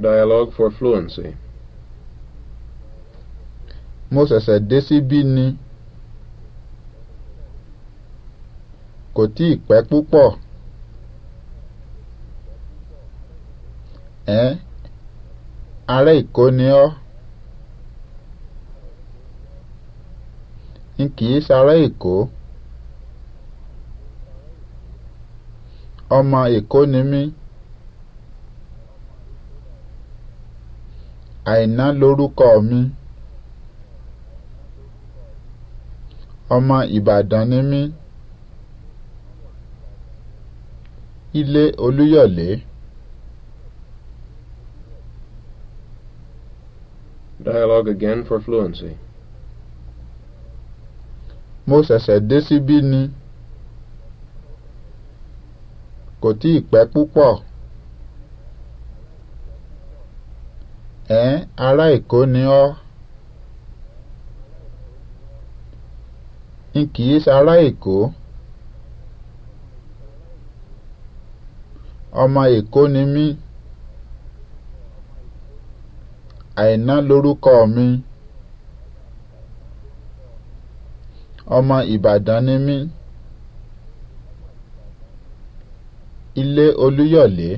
Dialogue for fluency. Mo ṣẹ̀ṣẹ̀ dé síbí koti Kò tí ì pẹ́ púpọ̀. Ẹ́n ará Èkó ni ọ́. Ọmọ Èkó ni Àìná lorúkọ mi. Ọmọ Ìbàdàn ni mí. Ilé Olúyọ̀lé. Dialogue again for fluency. Mo ṣẹ̀ṣẹ̀ dé síbí ni. Kò tíì pẹ́ púpọ̀. ẹ̀ẹ́n ará èkó ni ọ́ n kì í èkó ọmọ èkó ni mí àìná lórúkọ mi ọmọ ìbàdàn ni mí ilé olúyọ̀lé.